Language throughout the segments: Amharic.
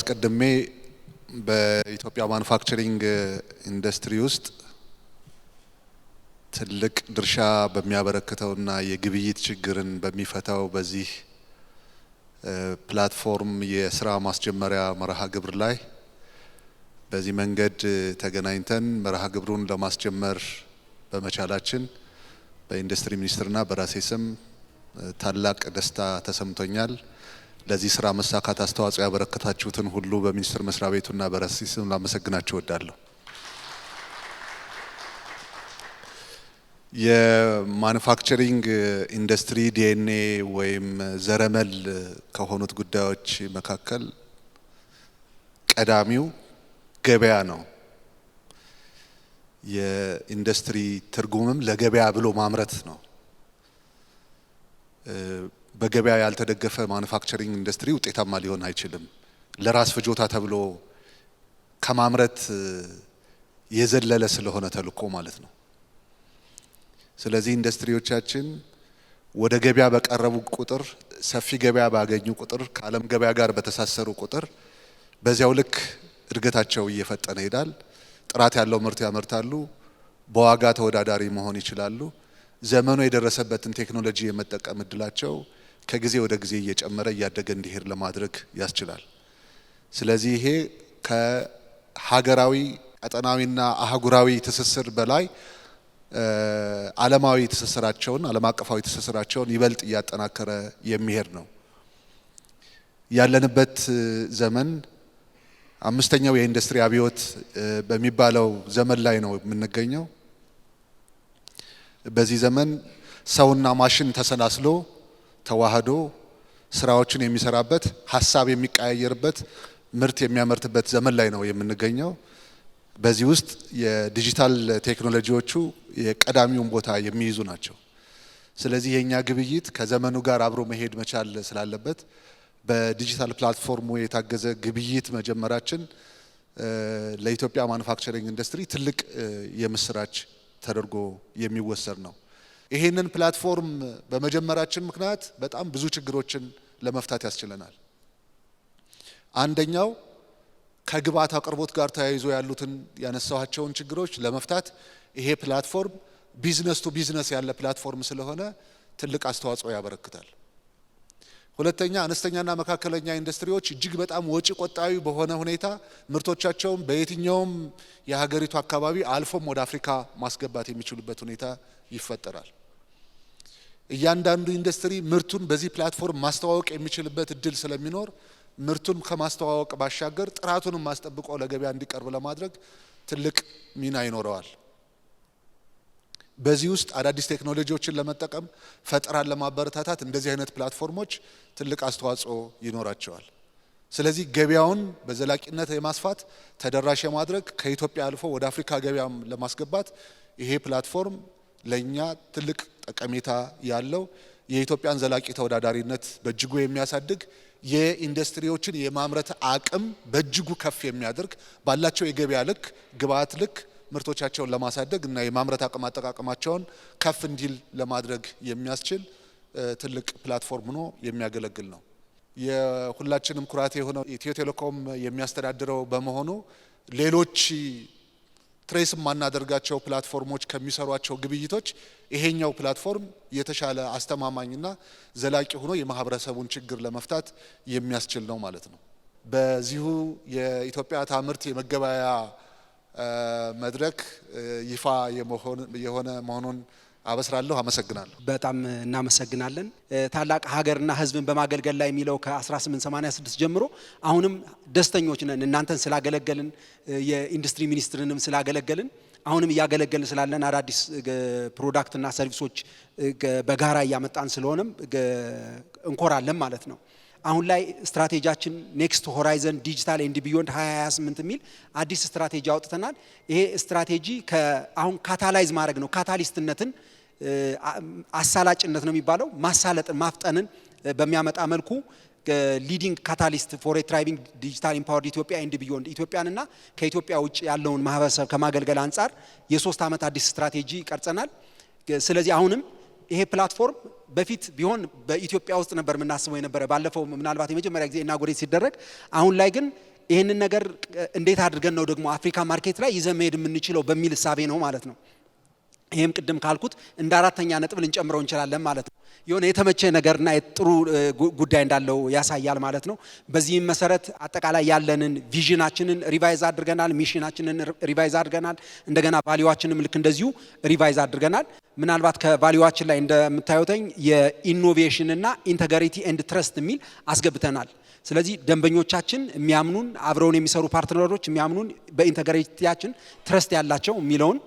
አስቀድሜ በኢትዮጵያ ማኑፋክቸሪንግ ኢንዱስትሪ ውስጥ ትልቅ ድርሻ በሚያበረክተውና የግብይት ችግርን በሚፈታው በዚህ ፕላትፎርም የስራ ማስጀመሪያ መርሃ ግብር ላይ በዚህ መንገድ ተገናኝተን መርሃ ግብሩን ለማስጀመር በመቻላችን በኢንዱስትሪ ሚኒስትርና በራሴ ስም ታላቅ ደስታ ተሰምቶኛል። ለዚህ ስራ መሳካት አስተዋጽኦ ያበረከታችሁትን ሁሉ በሚኒስቴር መስሪያ ቤቱና በራሴ ስም ላመሰግናችሁ እወዳለሁ። የማኑፋክቸሪንግ ኢንዱስትሪ ዲኤንኤ ወይም ዘረመል ከሆኑት ጉዳዮች መካከል ቀዳሚው ገበያ ነው። የኢንዱስትሪ ትርጉምም ለገበያ ብሎ ማምረት ነው። በገበያ ያልተደገፈ ማኑፋክቸሪንግ ኢንዱስትሪ ውጤታማ ሊሆን አይችልም። ለራስ ፍጆታ ተብሎ ከማምረት የዘለለ ስለሆነ ተልኮ ማለት ነው። ስለዚህ ኢንዱስትሪዎቻችን ወደ ገበያ በቀረቡ ቁጥር፣ ሰፊ ገበያ ባገኙ ቁጥር፣ ከዓለም ገበያ ጋር በተሳሰሩ ቁጥር በዚያው ልክ እድገታቸው እየፈጠነ ይሄዳል። ጥራት ያለው ምርት ያመርታሉ። በዋጋ ተወዳዳሪ መሆን ይችላሉ። ዘመኑ የደረሰበትን ቴክኖሎጂ የመጠቀም እድላቸው ከጊዜ ወደ ጊዜ እየጨመረ እያደገ እንዲሄድ ለማድረግ ያስችላል። ስለዚህ ይሄ ከሀገራዊ ቀጠናዊና አህጉራዊ ትስስር በላይ ዓለማዊ ትስስራቸውን ዓለም አቀፋዊ ትስስራቸውን ይበልጥ እያጠናከረ የሚሄድ ነው። ያለንበት ዘመን አምስተኛው የኢንዱስትሪ አብዮት በሚባለው ዘመን ላይ ነው የምንገኘው። በዚህ ዘመን ሰውና ማሽን ተሰናስሎ ተዋህዶ ስራዎችን የሚሰራበት ሀሳብ የሚቀያየርበት ምርት የሚያመርትበት ዘመን ላይ ነው የምንገኘው። በዚህ ውስጥ የዲጂታል ቴክኖሎጂዎቹ የቀዳሚውን ቦታ የሚይዙ ናቸው። ስለዚህ የእኛ ግብይት ከዘመኑ ጋር አብሮ መሄድ መቻል ስላለበት በዲጂታል ፕላትፎርሙ የታገዘ ግብይት መጀመራችን ለኢትዮጵያ ማኑፋክቸሪንግ ኢንዱስትሪ ትልቅ የምስራች ተደርጎ የሚወሰድ ነው። ይሄንን ፕላትፎርም በመጀመራችን ምክንያት በጣም ብዙ ችግሮችን ለመፍታት ያስችለናል። አንደኛው ከግብዓት አቅርቦት ጋር ተያይዞ ያሉትን ያነሳኋቸውን ችግሮች ለመፍታት ይሄ ፕላትፎርም ቢዝነስ ቱ ቢዝነስ ያለ ፕላትፎርም ስለሆነ ትልቅ አስተዋጽኦ ያበረክታል። ሁለተኛ አነስተኛና መካከለኛ ኢንዱስትሪዎች እጅግ በጣም ወጪ ቆጣቢ በሆነ ሁኔታ ምርቶቻቸውን በየትኛውም የሀገሪቱ አካባቢ አልፎም ወደ አፍሪካ ማስገባት የሚችሉበት ሁኔታ ይፈጠራል። እያንዳንዱ ኢንዱስትሪ ምርቱን በዚህ ፕላትፎርም ማስተዋወቅ የሚችልበት እድል ስለሚኖር ምርቱን ከማስተዋወቅ ባሻገር ጥራቱንም ማስጠብቆ ለገበያ እንዲቀርብ ለማድረግ ትልቅ ሚና ይኖረዋል። በዚህ ውስጥ አዳዲስ ቴክኖሎጂዎችን ለመጠቀም ፈጠራን ለማበረታታት እንደዚህ አይነት ፕላትፎርሞች ትልቅ አስተዋጽኦ ይኖራቸዋል። ስለዚህ ገበያውን በዘላቂነት የማስፋት ተደራሽ የማድረግ ከኢትዮጵያ አልፎ ወደ አፍሪካ ገበያም ለማስገባት ይሄ ፕላትፎርም ለእኛ ትልቅ ጠቀሜታ ያለው የኢትዮጵያን ዘላቂ ተወዳዳሪነት በእጅጉ የሚያሳድግ የኢንዱስትሪዎችን የማምረት አቅም በእጅጉ ከፍ የሚያደርግ ባላቸው የገበያ ልክ ግብአት ልክ ምርቶቻቸውን ለማሳደግ እና የማምረት አቅም አጠቃቀማቸውን ከፍ እንዲል ለማድረግ የሚያስችል ትልቅ ፕላትፎርም ሆኖ የሚያገለግል ነው። የሁላችንም ኩራት የሆነው ኢትዮ ቴሌኮም የሚያስተዳድረው በመሆኑ ሌሎች ትሬስ የማናደርጋቸው ፕላትፎርሞች ከሚሰሯቸው ግብይቶች ይሄኛው ፕላትፎርም የተሻለ አስተማማኝና ዘላቂ ሆኖ የማህበረሰቡን ችግር ለመፍታት የሚያስችል ነው ማለት ነው። በዚሁ የኢትዮጵያ ታምርት የመገበያያ መድረክ ይፋ የሆነ መሆኑን አበስራለሁ። አመሰግናለሁ። በጣም እናመሰግናለን። ታላቅ ሀገርና ህዝብን በማገልገል ላይ የሚለው ከ1886 ጀምሮ አሁንም ደስተኞች ነን። እናንተን ስላገለገልን የኢንዱስትሪ ሚኒስትርንም ስላገለገልን አሁንም እያገለገልን ስላለን አዳዲስ ፕሮዳክትና ሰርቪሶች በጋራ እያመጣን ስለሆነም እንኮራለን ማለት ነው። አሁን ላይ ስትራቴጂያችን ኔክስት ሆራይዘን ዲጂታል ኤንድ ቢዮንድ 2028 የሚል አዲስ ስትራቴጂ አውጥተናል። ይሄ ስትራቴጂ አሁን ካታላይዝ ማድረግ ነው። ካታሊስትነትን አሳላጭነት ነው የሚባለው። ማሳለጥን ማፍጠንን በሚያመጣ መልኩ ሊዲንግ ካታሊስት ፎር ትራይቪንግ ዲጂታል ኢምፓወርድ ኢትዮጵያ ኤንድ ቢዮንድ ኢትዮጵያንና ከኢትዮጵያ ውጭ ያለውን ማህበረሰብ ከማገልገል አንጻር የሶስት ዓመት አዲስ ስትራቴጂ ቀርጸናል። ስለዚህ አሁንም ይሄ ፕላትፎርም በፊት ቢሆን በኢትዮጵያ ውስጥ ነበር የምናስበው የነበረ ባለፈው ምናልባት የመጀመሪያ ጊዜ ኢናጎሬት ሲደረግ፣ አሁን ላይ ግን ይህንን ነገር እንዴት አድርገን ነው ደግሞ አፍሪካ ማርኬት ላይ ይዘ መሄድ የምንችለው በሚል እሳቤ ነው ማለት ነው። ይህም ቅድም ካልኩት እንደ አራተኛ ነጥብ ልንጨምረው እንችላለን ማለት ነው። የሆነ የተመቸ ነገርና ጥሩ ጉዳይ እንዳለው ያሳያል ማለት ነው። በዚህም መሰረት አጠቃላይ ያለንን ቪዥናችንን ሪቫይዝ አድርገናል፣ ሚሽናችንን ሪቫይዝ አድርገናል። እንደገና ቫሊዋችንም ልክ እንደዚሁ ሪቫይዝ አድርገናል። ምናልባት ከቫሊዋችን ላይ እንደምታዩተኝ የኢኖቬሽንና ኢንተግሪቲ ኤንድ ትረስት የሚል አስገብተናል። ስለዚህ ደንበኞቻችን የሚያምኑን፣ አብረውን የሚሰሩ ፓርትነሮች የሚያምኑን፣ በኢንተግሬቲያችን ትረስት ያላቸው የሚለውን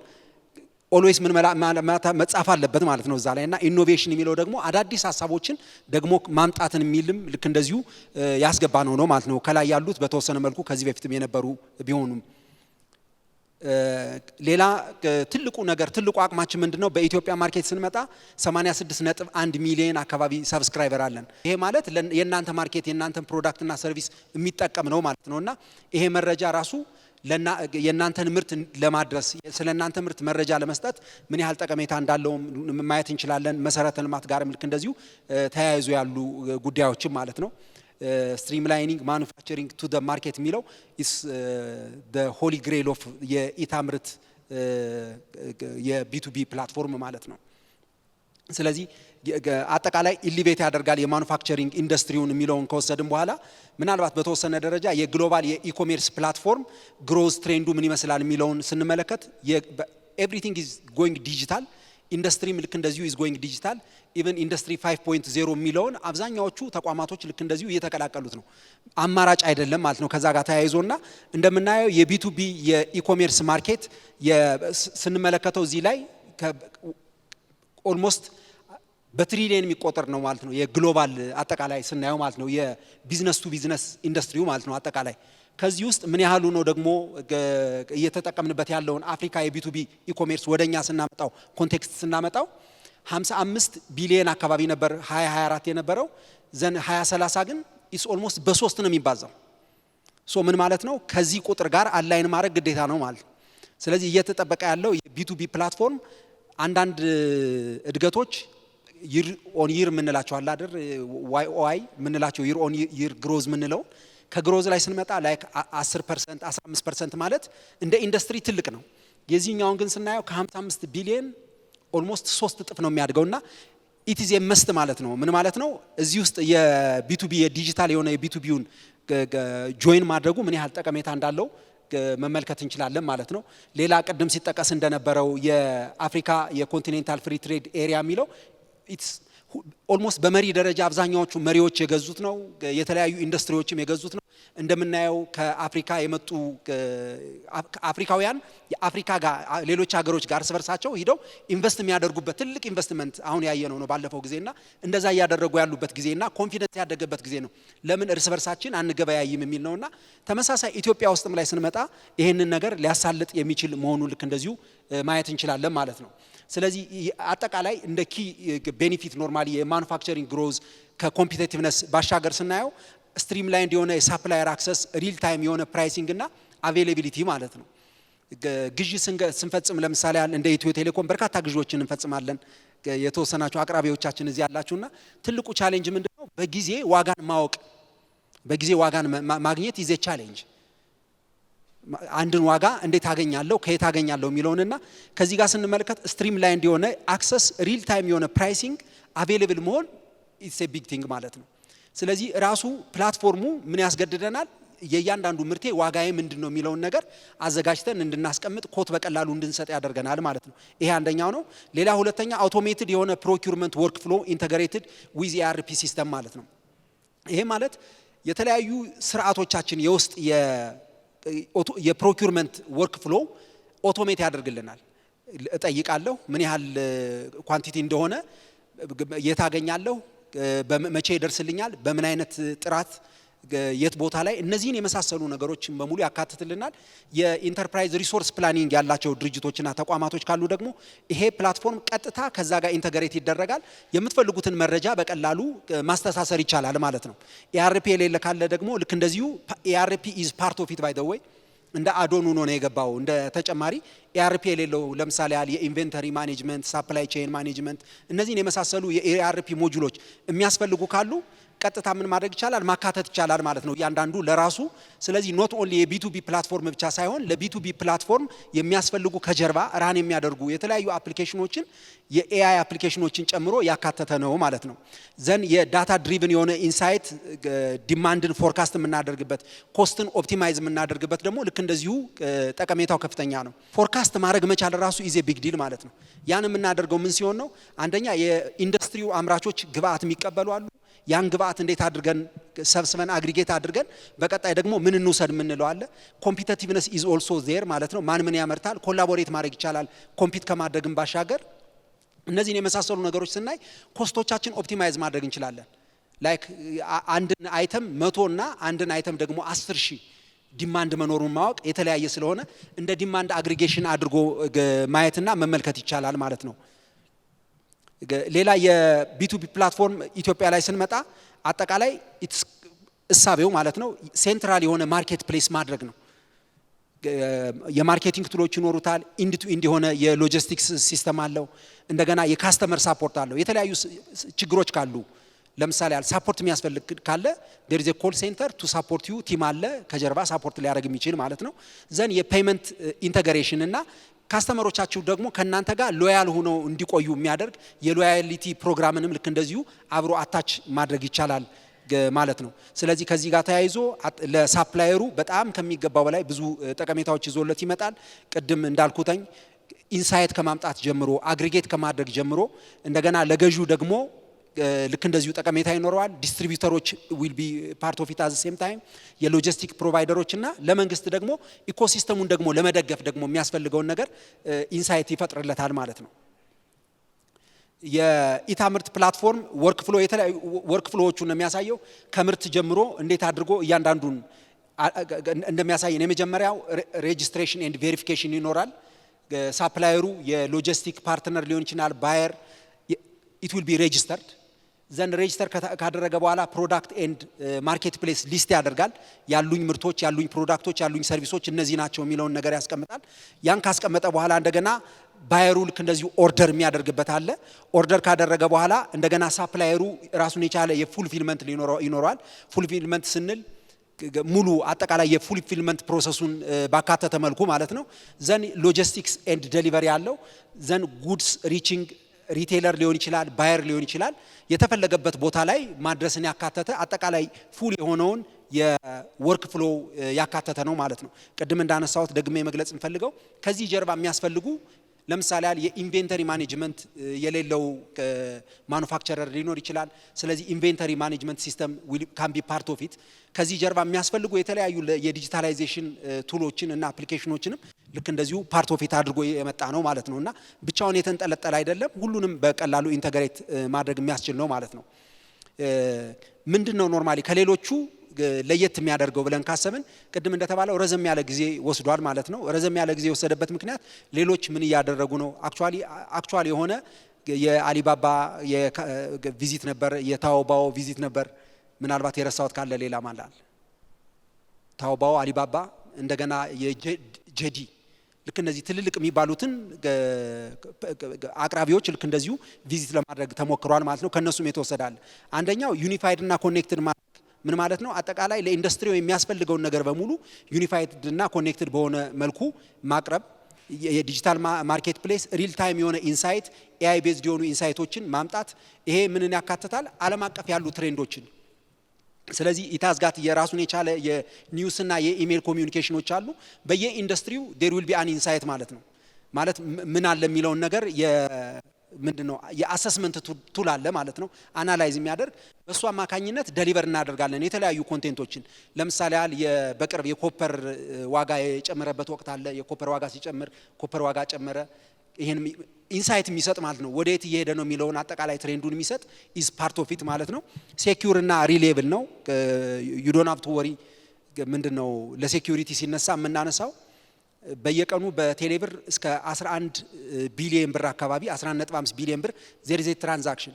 ኦልዌይስ ምን መጻፍ አለበት ማለት ነው እዛ ላይ እና ኢኖቬሽን የሚለው ደግሞ አዳዲስ ሀሳቦችን ደግሞ ማምጣትን የሚልም ልክ እንደዚሁ ያስገባ ነው ነው ማለት ነው። ከላይ ያሉት በተወሰነ መልኩ ከዚህ በፊትም የነበሩ ቢሆኑም ሌላ ትልቁ ነገር ትልቁ አቅማችን ምንድን ነው? በኢትዮጵያ ማርኬት ስንመጣ 86 ነጥብ 1 ሚሊዮን አካባቢ ሰብስክራይበር አለን። ይሄ ማለት የእናንተ ማርኬት የእናንተን ፕሮዳክትና ሰርቪስ የሚጠቀም ነው ማለት ነው እና ይሄ መረጃ ራሱ የእናንተን ምርት ለማድረስ ስለ እናንተ ምርት መረጃ ለመስጠት ምን ያህል ጠቀሜታ እንዳለውም ማየት እንችላለን። መሰረተ ልማት ጋር ልክ እንደዚሁ ተያይዞ ያሉ ጉዳዮችም ማለት ነው። ስትሪምላይኒንግ ማኑፋክቸሪንግ ቱ ማርኬት የሚለው ኢስ ሆሊ ግሬል ኦፍ የኢታ ምርት የቢቱቢ ፕላትፎርም ማለት ነው። ስለዚህ አጠቃላይ ኢሊቬት ያደርጋል የማኑፋክቸሪንግ ኢንዱስትሪውን የሚለውን ከወሰድን በኋላ ምናልባት በተወሰነ ደረጃ የግሎባል የኢኮሜርስ ፕላትፎርም ግሮዝ ትሬንዱ ምን ይመስላል የሚለውን ስንመለከት ኤቭሪቲንግ ኢዝ ጎይንግ ዲጂታል። ኢንዱስትሪም ልክ እንደዚሁ ኢዝ ጎይንግ ዲጂታል። ኢቨን ኢንዱስትሪ 5.0 የሚለውን አብዛኛዎቹ ተቋማቶች ልክ እንደዚሁ እየተቀላቀሉት ነው። አማራጭ አይደለም ማለት ነው። ከዛ ጋር ተያይዞና እንደምናየው የቢቱቢ የኢኮሜርስ ማርኬት ስንመለከተው እዚህ ላይ ኦልሞስት በትሪሊየን የሚቆጠር ነው ማለት ነው። የግሎባል አጠቃላይ ስናየው ማለት ነው የቢዝነስ ቱ ቢዝነስ ኢንዱስትሪው ማለት ነው አጠቃላይ ከዚህ ውስጥ ምን ያህሉ ነው ደግሞ እየተጠቀምንበት ያለውን አፍሪካ የቢቱቢ ኢኮሜርስ ወደኛ ስናመጣው ኮንቴክስት ስናመጣው 55 ቢሊየን አካባቢ ነበር 2024 የነበረው ዘን 2030 ግን ኢስ ኦልሞስት በሶስት ነው የሚባዛው። ሶ ምን ማለት ነው ከዚህ ቁጥር ጋር አላይን ማድረግ ግዴታ ነው ማለት ስለዚህ እየተጠበቀ ያለው የቢቱቢ ፕላትፎርም አንዳንድ እድገቶች ይር ኦን ይር የምንላቸው አለ አይደል? ዋይ ኦአይ የምንላቸው ይር ኦን ይር ግሮዝ የምንለው ከግሮዝ ላይ ስንመጣ ላይክ 10% 15% ማለት እንደ ኢንዱስትሪ ትልቅ ነው። የዚህኛውን ግን ስናየው ከ55 ቢሊዮን ኦልሞስት ሶስት እጥፍ ነው የሚያድገውና ኢዝ መስት ማለት ነው። ምን ማለት ነው? እዚህ ውስጥ የቢቱቢ የዲጂታል የሆነ የቢቱቢውን ጆይን ማድረጉ ምን ያህል ጠቀሜታ እንዳለው መመልከት እንችላለን ማለት ነው። ሌላ ቅድም ሲጠቀስ እንደነበረው የአፍሪካ የኮንቲኔንታል ፍሪ ትሬድ ኤሪያ የሚለው ኦልሞስት በመሪ ደረጃ አብዛኛዎቹ መሪዎች የገዙት ነው። የተለያዩ ኢንዱስትሪዎችም የገዙት ነው። እንደምናየው ከአፍሪካ የመጡ አፍሪካውያን የአፍሪካ ጋር ሌሎች ሀገሮች ጋር እርስ ሂደው ኢንቨስት የሚያደርጉበት ትልቅ ኢንቨስትመንት አሁን ያየነው ነው ባለፈው ጊዜና እንደዛ እያደረጉ ያሉበት ጊዜና ኮንፊደንስ ያደገበት ጊዜ ነው። ለምን እርስ በርሳችን አንገበያይም የሚል ነውና ተመሳሳይ ኢትዮጵያ ውስጥም ላይ ስንመጣ ይህንን ነገር ሊያሳልጥ የሚችል መሆኑን ልክ እንደዚሁ ማየት እንችላለን ማለት ነው። ስለዚህ አጠቃላይ እንደ ኪ ቤኔፊት ኖርማሊ የማኑፋክቸሪንግ ግሮዝ ከኮምፒቴቲቭነስ ባሻገር ስናየው ስትሪም ላይንድ የሆነ የሳፕላየር አክሰስ ሪል ታይም የሆነ ፕራይሲንግ እና አቬይላቢሊቲ ማለት ነው። ግዢ ስንፈጽም ለምሳሌ ያህል እንደ ኢትዮ ቴሌኮም በርካታ ግዢዎችን እንፈጽማለን። የተወሰናቸው አቅራቢዎቻችን እዚህ ያላችሁና ትልቁ ቻሌንጅ ምንድነው? በጊዜ ዋጋን ማወቅ፣ በጊዜ ዋጋን ማግኘት ይዜ ቻሌንጅ አንድን ዋጋ እንዴት አገኛለሁ ከየት አገኛለሁ የሚለውንና ከዚህ ጋር ስንመለከት ስትሪም ላይንድ የሆነ አክሰስ ሪል ታይም የሆነ ፕራይሲንግ አቬለብል መሆን ኢትስ ቢግ ቲንግ ማለት ነው። ስለዚህ ራሱ ፕላትፎርሙ ምን ያስገድደናል? የእያንዳንዱ ምርቴ ዋጋዬ ምንድን ነው የሚለውን ነገር አዘጋጅተን እንድናስቀምጥ ኮት በቀላሉ እንድንሰጥ ያደርገናል ማለት ነው። ይሄ አንደኛው ነው። ሌላ ሁለተኛ አውቶሜትድ የሆነ ፕሮኪርመንት ወርክ ፍሎ ኢንተግሬትድ ዊዝ የአርፒ ሲስተም ማለት ነው። ይሄ ማለት የተለያዩ ስርዓቶቻችን የውስጥ የፕሮኩርመንት ወርክ ፍሎ ኦቶሜት ያደርግልናል። እጠይቃለሁ፣ ምን ያህል ኳንቲቲ እንደሆነ፣ የት አገኛለሁ፣ መቼ ይደርስልኛል፣ በምን አይነት ጥራት የት ቦታ ላይ እነዚህን የመሳሰሉ ነገሮችን በሙሉ ያካትትልናል። የኢንተርፕራይዝ ሪሶርስ ፕላኒንግ ያላቸው ድርጅቶችና ተቋማቶች ካሉ ደግሞ ይሄ ፕላትፎርም ቀጥታ ከዛ ጋር ኢንተግሬት ይደረጋል። የምትፈልጉትን መረጃ በቀላሉ ማስተሳሰር ይቻላል ማለት ነው። ኤአርፒ የሌለ ካለ ደግሞ ልክ እንደዚሁ ኤአርፒ ኢዝ ፓርት ኦፍ ኢት ባይ ዘ እንደ አዶን ሆኖ ነው የገባው። እንደ ተጨማሪ ኤአርፒ የሌለው ለምሳሌ ያህል የኢንቨንተሪ ማኔጅመንት፣ ሳፕላይ ቼን ማኔጅመንት እነዚህን የመሳሰሉ የኤአርፒ ሞጁሎች የሚያስፈልጉ ካሉ ቀጥታ ምን ማድረግ ይቻላል? ማካተት ይቻላል ማለት ነው እያንዳንዱ ለራሱ። ስለዚህ ኖት ኦንሊ የቢቱቢ ፕላትፎርም ብቻ ሳይሆን ለቢቱቢ ፕላትፎርም የሚያስፈልጉ ከጀርባ ራን የሚያደርጉ የተለያዩ አፕሊኬሽኖችን የኤአይ አፕሊኬሽኖችን ጨምሮ ያካተተ ነው ማለት ነው። ዘን የዳታ ድሪቭን የሆነ ኢንሳይት ዲማንድን ፎርካስት የምናደርግበት ኮስትን ኦፕቲማይዝ የምናደርግበት ደግሞ ልክ እንደዚሁ ጠቀሜታው ከፍተኛ ነው። ፎርካስት ማድረግ መቻል ራሱ ኢዜ ቢግ ዲል ማለት ነው። ያን የምናደርገው ምን ሲሆን ነው? አንደኛ የኢንዱስትሪው አምራቾች ግብአት የሚቀበሉ አሉ። ያን ግብአት እንዴት አድርገን ሰብስበን አግሪጌት አድርገን በቀጣይ ደግሞ ምን እንውሰድ የምንለው አለ። ኮምፒተቲቭነስ ኢዝ ኦልሶ ዜር ማለት ነው። ማን ምን ያመርታል ኮላቦሬት ማድረግ ይቻላል። ኮምፒት ከማድረግን ባሻገር እነዚህን የመሳሰሉ ነገሮች ስናይ ኮስቶቻችን ኦፕቲማይዝ ማድረግ እንችላለን። ላይክ አንድን አይተም መቶ እና አንድን አይተም ደግሞ አስር ሺህ ዲማንድ መኖሩን ማወቅ የተለያየ ስለሆነ እንደ ዲማንድ አግሪጌሽን አድርጎ ማየትና መመልከት ይቻላል ማለት ነው። ሌላ የቢቱቢ ፕላትፎርም ኢትዮጵያ ላይ ስንመጣ አጠቃላይ እሳቤው ማለት ነው ሴንትራል የሆነ ማርኬት ፕሌስ ማድረግ ነው። የማርኬቲንግ ቱሎች ይኖሩታል። ኢንድ ቱ ኢንድ የሆነ የሎጂስቲክስ ሲስተም አለው። እንደገና የካስተመር ሳፖርት አለው። የተለያዩ ችግሮች ካሉ ለምሳሌ ያህል ሳፖርት የሚያስፈልግ ካለ ዴር ኢዝ ኮል ሴንተር ቱ ሳፖርት ዩ ቲም አለ ከጀርባ ሳፖርት ሊያደርግ የሚችል ማለት ነው። ዘን የፔመንት ኢንተግሬሽን እና ካስተመሮቻችሁ ደግሞ ከእናንተ ጋር ሎያል ሆነው እንዲቆዩ የሚያደርግ የሎያሊቲ ፕሮግራምንም ልክ እንደዚሁ አብሮ አታች ማድረግ ይቻላል ማለት ነው። ስለዚህ ከዚህ ጋር ተያይዞ ለሳፕላየሩ በጣም ከሚገባው በላይ ብዙ ጠቀሜታዎች ይዞለት ይመጣል። ቅድም እንዳልኩተኝ ኢንሳይት ከማምጣት ጀምሮ አግሪጌት ከማድረግ ጀምሮ እንደገና ለገዢው ደግሞ ልክ እንደዚሁ ጠቀሜታ ይኖረዋል። ዲስትሪቢዩተሮች ዊል ቢ ፓርት ኦፍ ኢት ሴም ታይም የሎጂስቲክ ፕሮቫይደሮች እና ለመንግስት ደግሞ ኢኮሲስተሙን ደግሞ ለመደገፍ ደግሞ የሚያስፈልገውን ነገር ኢንሳይት ይፈጥርለታል ማለት ነው። የኢታ ምርት ፕላትፎርም ወርክ ፍሎ የተለያዩ ወርክ ፍሎዎቹን የሚያሳየው ከምርት ጀምሮ እንዴት አድርጎ እያንዳንዱን እንደሚያሳየን የመጀመሪያው ሬጂስትሬሽን ኤንድ ቬሪፊኬሽን ይኖራል። ሳፕላየሩ የሎጂስቲክ ፓርትነር ሊሆን ይችላል። ባየር ኢት ዊል ቢ ሬጂስተርድ ዘንድ ሬጅስተር ካደረገ በኋላ ፕሮዳክት ኤንድ ማርኬት ፕሌስ ሊስት ያደርጋል። ያሉኝ ምርቶች፣ ያሉኝ ፕሮዳክቶች፣ ያሉኝ ሰርቪሶች እነዚህ ናቸው የሚለውን ነገር ያስቀምጣል። ያን ካስቀመጠ በኋላ እንደገና ባየሩ ልክ እንደዚሁ ኦርደር የሚያደርግበት አለ። ኦርደር ካደረገ በኋላ እንደገና ሳፕላየሩ ራሱን የቻለ የፉልፊልመንት ይኖረዋል። ፉልፊልመንት ስንል ሙሉ አጠቃላይ የፉልፊልመንት ፕሮሰሱን uh, ባካተተ መልኩ ማለት ነው። ዘን ሎጂስቲክስ ኤንድ ደሊቨሪ አለው። ዘን ጉድስ ሪቺንግ ሪቴለር ሊሆን ይችላል፣ ባየር ሊሆን ይችላል። የተፈለገበት ቦታ ላይ ማድረስን ያካተተ አጠቃላይ ፉል የሆነውን የወርክ ፍሎ ያካተተ ነው ማለት ነው። ቅድም እንዳነሳሁት ደግሜ መግለጽ እንፈልገው ከዚህ ጀርባ የሚያስፈልጉ ለምሳሌ ያህል የኢንቬንተሪ ማኔጅመንት የሌለው ማኑፋክቸረር ሊኖር ይችላል። ስለዚህ ኢንቬንተሪ ማኔጅመንት ሲስተም ካን ቢ ፓርት ኦፍ ኢት። ከዚህ ጀርባ የሚያስፈልጉ የተለያዩ የዲጂታላይዜሽን ቱሎችን እና አፕሊኬሽኖችንም ልክ እንደዚሁ ፓርት ኦፍ ኢት አድርጎ የመጣ ነው ማለት ነው እና ብቻውን የተንጠለጠለ አይደለም። ሁሉንም በቀላሉ ኢንተግሬት ማድረግ የሚያስችል ነው ማለት ነው። ምንድን ነው ኖርማሊ ከሌሎቹ ለየት የሚያደርገው ብለን ካሰብን ቅድም እንደተባለው ረዘም ያለ ጊዜ ወስዷል ማለት ነው። ረዘም ያለ ጊዜ የወሰደበት ምክንያት ሌሎች ምን እያደረጉ ነው? አክቹዋሊ የሆነ የአሊባባ ቪዚት ነበር፣ የታውባው ቪዚት ነበር። ምናልባት የረሳሁት ካለ ሌላ ማላል ታኦባኦ፣ አሊባባ፣ እንደገና የጀዲ ልክ እነዚህ ትልልቅ የሚባሉትን አቅራቢዎች ልክ እንደዚሁ ቪዚት ለማድረግ ተሞክሯል ማለት ነው። ከእነሱም የተወሰዳል አንደኛው ዩኒፋይድ እና ኮኔክትድ ምን ማለት ነው? አጠቃላይ ለኢንዱስትሪው የሚያስፈልገውን ነገር በሙሉ ዩኒፋይድ እና ኮኔክትድ በሆነ መልኩ ማቅረብ፣ የዲጂታል ማርኬት ፕሌስ፣ ሪል ታይም የሆነ ኢንሳይት፣ ኤአይ ቤዝድ የሆኑ ኢንሳይቶችን ማምጣት። ይሄ ምንን ያካትታል? ዓለም አቀፍ ያሉ ትሬንዶችን ስለዚህ ኢታዝጋት የራሱን የቻለ የኒውስና የኢሜል ኮሚኒኬሽኖች አሉ። በየኢንዱስትሪው ዴር ዊል ቢ አን ኢንሳይት ማለት ነው ማለት ምን አለ የሚለውን ነገር ምንድን ነው የአሰስመንት ቱል አለ ማለት ነው፣ አናላይዝ የሚያደርግ በእሱ አማካኝነት ደሊቨር እናደርጋለን የተለያዩ ኮንቴንቶችን። ለምሳሌ ያህል በቅርብ የኮፐር ዋጋ የጨመረበት ወቅት አለ። የኮፐር ዋጋ ሲጨምር ኮፐር ዋጋ ጨመረ፣ ይህን ኢንሳይት የሚሰጥ ማለት ነው፣ ወደ የት እየሄደ ነው የሚለውን አጠቃላይ ትሬንዱን የሚሰጥ ኢዝ ፓርት ኦፍ ኢት ማለት ነው። ሴኪር እና ሪሌብል ነው። ዩዶን ሀቭ ቱ ወሪ ምንድን ነው ሲነሳ የምናነሳው በየቀኑ በቴሌብር እስከ 11 ቢሊዮን ብር አካባቢ 11.5 ቢሊዮን ብር ዜር ትራንዛክሽን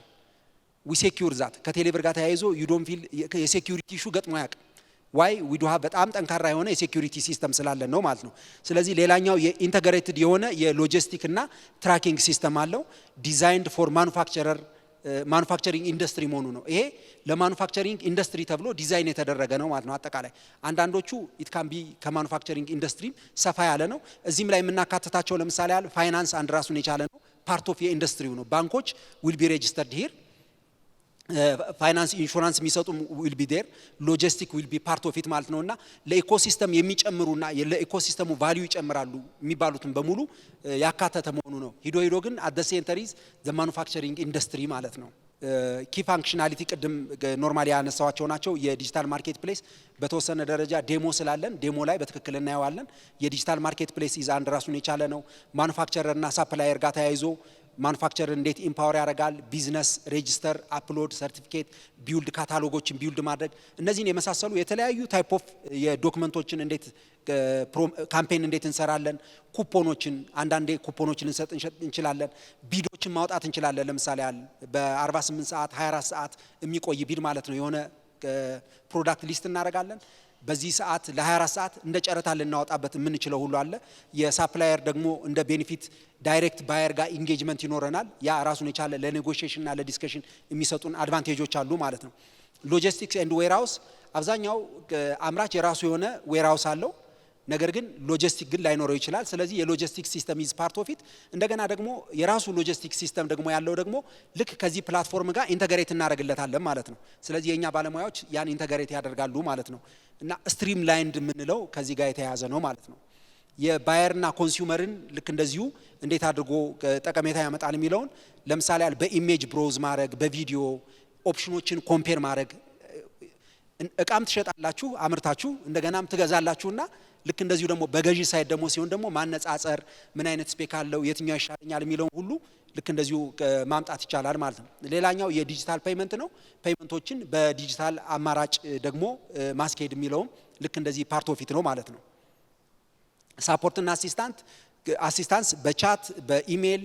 ዊ ሴኪዩር ዛት ከቴሌብር ጋር ተያይዞ ዶንት ፊል የሴኪዩሪቲ ኢሹ ገጥሞ ያቅ ዋይ ዊዱሃ በጣም ጠንካራ የሆነ የሴኪዩሪቲ ሲስተም ስላለን ነው ማለት ነው። ስለዚህ ሌላኛው የኢንተግሬትድ የሆነ የሎጂስቲክ እና ትራኪንግ ሲስተም አለው ዲዛይንድ ፎር ማኑፋክቸረር ማኑፋክቸሪንግ ኢንዱስትሪ መሆኑ ነው። ይሄ ለማኑፋክቸሪንግ ኢንዱስትሪ ተብሎ ዲዛይን የተደረገ ነው ማለት ነው። አጠቃላይ አንዳንዶቹ ኢት ካን ቢ ከማኑፋክቸሪንግ ኢንዱስትሪም ሰፋ ያለ ነው። እዚህም ላይ የምናካትታቸው ለምሳሌ ያህል ፋይናንስ አንድ ራሱን የቻለ ነው። ፓርት ኦፍ የኢንዱስትሪው ነው። ባንኮች ዊል ቢ ሬጅስተርድ ሂር ፋይናንስ ኢንሹራንስ የሚሰጡ ዊል ቢ ዴር ሎጂስቲክ ዊል ቢ ፓርት ኦፍ ኢት ማለት ነው እና ለኢኮሲስተም የሚጨምሩና ለኢኮሲስተሙ ቫሊዩ ይጨምራሉ የሚባሉትን በሙሉ ያካተተ መሆኑ ነው። ሂዶ ሂዶ ግን አደ ሴንተሪዝ ዘ ማኑፋክቸሪንግ ኢንዱስትሪ ማለት ነው። ኪ ፋንክሽናሊቲ ቅድም ኖርማሊ ያነሳዋቸው ናቸው። የዲጂታል ማርኬት ፕሌስ በተወሰነ ደረጃ ዴሞ ስላለን ዴሞ ላይ በትክክል እናየዋለን። የዲጂታል ማርኬት ፕሌስ ኢዝ አንድ ራሱን የቻለ ነው። ማኑፋክቸረርና ሳፕላየር ጋር ተያይዞ ማኑፋክቸር እንዴት ኢምፓወር ያደርጋል፣ ቢዝነስ ሬጂስተር፣ አፕሎድ፣ ሰርቲፊኬት ቢውልድ፣ ካታሎጎችን ቢውልድ ማድረግ እነዚህን የመሳሰሉ የተለያዩ ታይፕ ኦፍ የዶክመንቶችን እንዴት ካምፔን እንዴት እንሰራለን፣ ኩፖኖችን አንዳንዴ ኩፖኖችን ልንሰጥ እንችላለን፣ ቢዶችን ማውጣት እንችላለን። ለምሳሌ ያል በ48 ሰዓት 24 ሰዓት የሚቆይ ቢድ ማለት ነው የሆነ ፕሮዳክት ሊስት እናደርጋለን። በዚህ ሰዓት ለ24 ሰዓት እንደ ጨረታ ልናወጣበት የምንችለው ሁሉ አለ። የሳፕላየር ደግሞ እንደ ቤኔፊት ዳይሬክት ባየር ጋር ኢንጌጅመንት ይኖረናል። ያ ራሱን የቻለ ለኔጎሽሽን ለዲስከሽን የሚሰጡን አድቫንቴጆች አሉ ማለት ነው። ሎጂስቲክስ ኤንድ ዌርሃውስ አብዛኛው አምራች የራሱ የሆነ ዌርሃውስ አለው። ነገር ግን ሎጂስቲክ ግን ላይኖረው ይችላል። ስለዚህ የሎጂስቲክ ሲስተም ኢዝ ፓርት ኦፍ ኢት። እንደገና ደግሞ የራሱ ሎጂስቲክ ሲስተም ደግሞ ያለው ደግሞ ልክ ከዚህ ፕላትፎርም ጋር ኢንተግሬት እናደርግለታለን ማለት ነው። ስለዚህ የእኛ ባለሙያዎች ያን ኢንተግሬት ያደርጋሉ ማለት ነው እና ስትሪም ላይንድ የምንለው ከዚህ ጋር የተያያዘ ነው ማለት ነው። የባየርና ኮንሱመርን ልክ እንደዚሁ እንዴት አድርጎ ጠቀሜታ ያመጣል የሚለውን ለምሳሌ በኢሜጅ ብሮዝ ማድረግ፣ በቪዲዮ ኦፕሽኖችን ኮምፔር ማድረግ እቃም ትሸጣላችሁ አምርታችሁ እንደገናም ትገዛላችሁና ልክ እንደዚሁ ደግሞ በገዢ ሳይድ ደግሞ ሲሆን ደግሞ ማነጻጸር ምን አይነት ስፔክ አለው የትኛው ይሻለኛል የሚለውን ሁሉ ልክ እንደዚሁ ማምጣት ይቻላል ማለት ነው። ሌላኛው የዲጂታል ፔይመንት ነው። ፔይመንቶችን በዲጂታል አማራጭ ደግሞ ማስኬድ የሚለውም ልክ እንደዚህ ፓርት ኦፊት ነው ማለት ነው። ሳፖርትና አሲስታንት አሲስታንስ በቻት በኢሜይል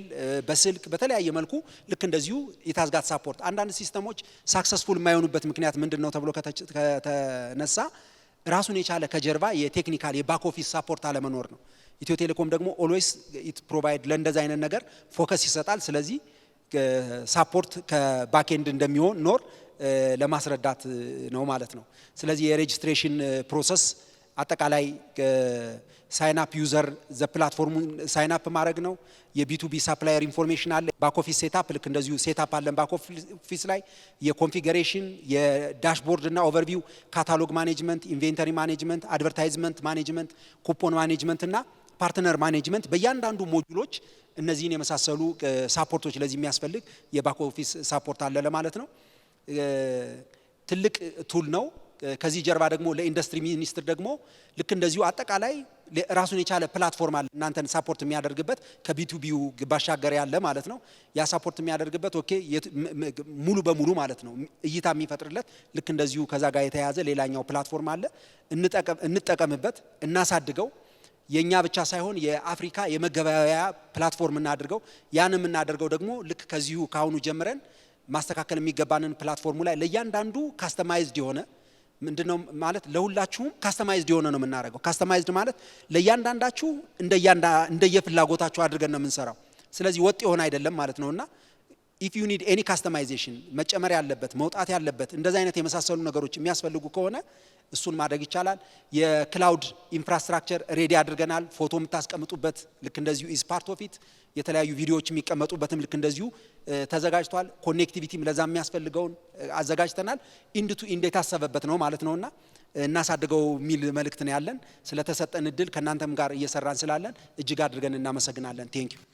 በስልክ በተለያየ መልኩ ልክ እንደዚሁ የታዝጋት ሳፖርት አንዳንድ ሲስተሞች ሳክሰስፉል የማይሆኑበት ምክንያት ምንድን ነው ተብሎ ከተነሳ ራሱን የቻለ ከጀርባ የቴክኒካል የባክ ኦፊስ ሳፖርት አለመኖር ነው። ኢትዮ ቴሌኮም ደግሞ ኦልዌይስ ኢት ፕሮቫይድ ለእንደዚ አይነት ነገር ፎከስ ይሰጣል። ስለዚህ ሳፖርት ከባኬንድ እንደሚሆን ኖር ለማስረዳት ነው ማለት ነው። ስለዚህ የሬጅስትሬሽን ፕሮሰስ አጠቃላይ ሳይናፕ ዩዘር ዘ ፕላትፎርሙን ሳይናፕ ማድረግ ነው። የቢቱቢ ሳፕላየር ኢንፎርሜሽን አለ። ባክ ኦፊስ ሴታፕ ልክ እንደዚሁ ሴታፕ አለን። ባክ ኦፊስ ላይ የኮንፊገሬሽን የዳሽቦርድ እና ኦቨርቪው፣ ካታሎግ ማኔጅመንት፣ ኢንቬንተሪ ማኔጅመንት፣ አድቨርታይዝመንት ማኔጅመንት፣ ኩፖን ማኔጅመንት እና ፓርትነር ማኔጅመንት በእያንዳንዱ ሞጁሎች እነዚህን የመሳሰሉ ሳፖርቶች ለዚህ የሚያስፈልግ የባክ ኦፊስ ሳፖርት አለ ለማለት ነው። ትልቅ ቱል ነው። ከዚህ ጀርባ ደግሞ ለኢንዱስትሪ ሚኒስትር ደግሞ ልክ እንደዚሁ አጠቃላይ ራሱን የቻለ ፕላትፎርም አለ፣ እናንተን ሳፖርት የሚያደርግበት ከቢቱቢው ባሻገር ያለ ማለት ነው። ያ ሳፖርት የሚያደርግበት ኦኬ፣ ሙሉ በሙሉ ማለት ነው እይታ የሚፈጥርለት ልክ እንደዚሁ ከዛ ጋር የተያያዘ ሌላኛው ፕላትፎርም አለ። እንጠቀምበት፣ እናሳድገው። የእኛ ብቻ ሳይሆን የአፍሪካ የመገበያያ ፕላትፎርም እናድርገው። ያን የምናደርገው ደግሞ ልክ ከዚሁ ከአሁኑ ጀምረን ማስተካከል የሚገባንን ፕላትፎርሙ ላይ ለእያንዳንዱ ካስተማይዝድ የሆነ ምንድነው ማለት ለሁላችሁም ካስተማይዝድ የሆነ ነው የምናደርገው። ካስተማይዝድ ማለት ለእያንዳንዳችሁ እንደየፍላጎታችሁ አድርገን ነው የምንሰራው። ስለዚህ ወጥ የሆነ አይደለም ማለት ነውና ኢፍ ዩ ኒድ ኤኒ ካስተማይዜሽን መጨመር ያለበት መውጣት ያለበት እንደዚህ አይነት የመሳሰሉ ነገሮች የሚያስፈልጉ ከሆነ እሱን ማድረግ ይቻላል። የክላውድ ኢንፍራስትራክቸር ሬዲ አድርገናል። ፎቶ የምታስቀምጡበት ልክ እንደዚሁ ኢዝ ፓርት ኦፍ ኢት። የተለያዩ ቪዲዮዎች የሚቀመጡበትም ልክ እንደዚሁ ተዘጋጅቷል። ኮኔክቲቪቲም ለዛ የሚያስፈልገውን አዘጋጅተናል። ኢንድ ቱ ኢንድ የታሰበበት ነው ማለት ነውና እናሳድገው የሚል መልእክት ነው ያለን። ስለተሰጠን እድል ከእናንተም ጋር እየሰራን ስላለን እጅግ አድርገን እናመሰግናለን። ቴንኪዩ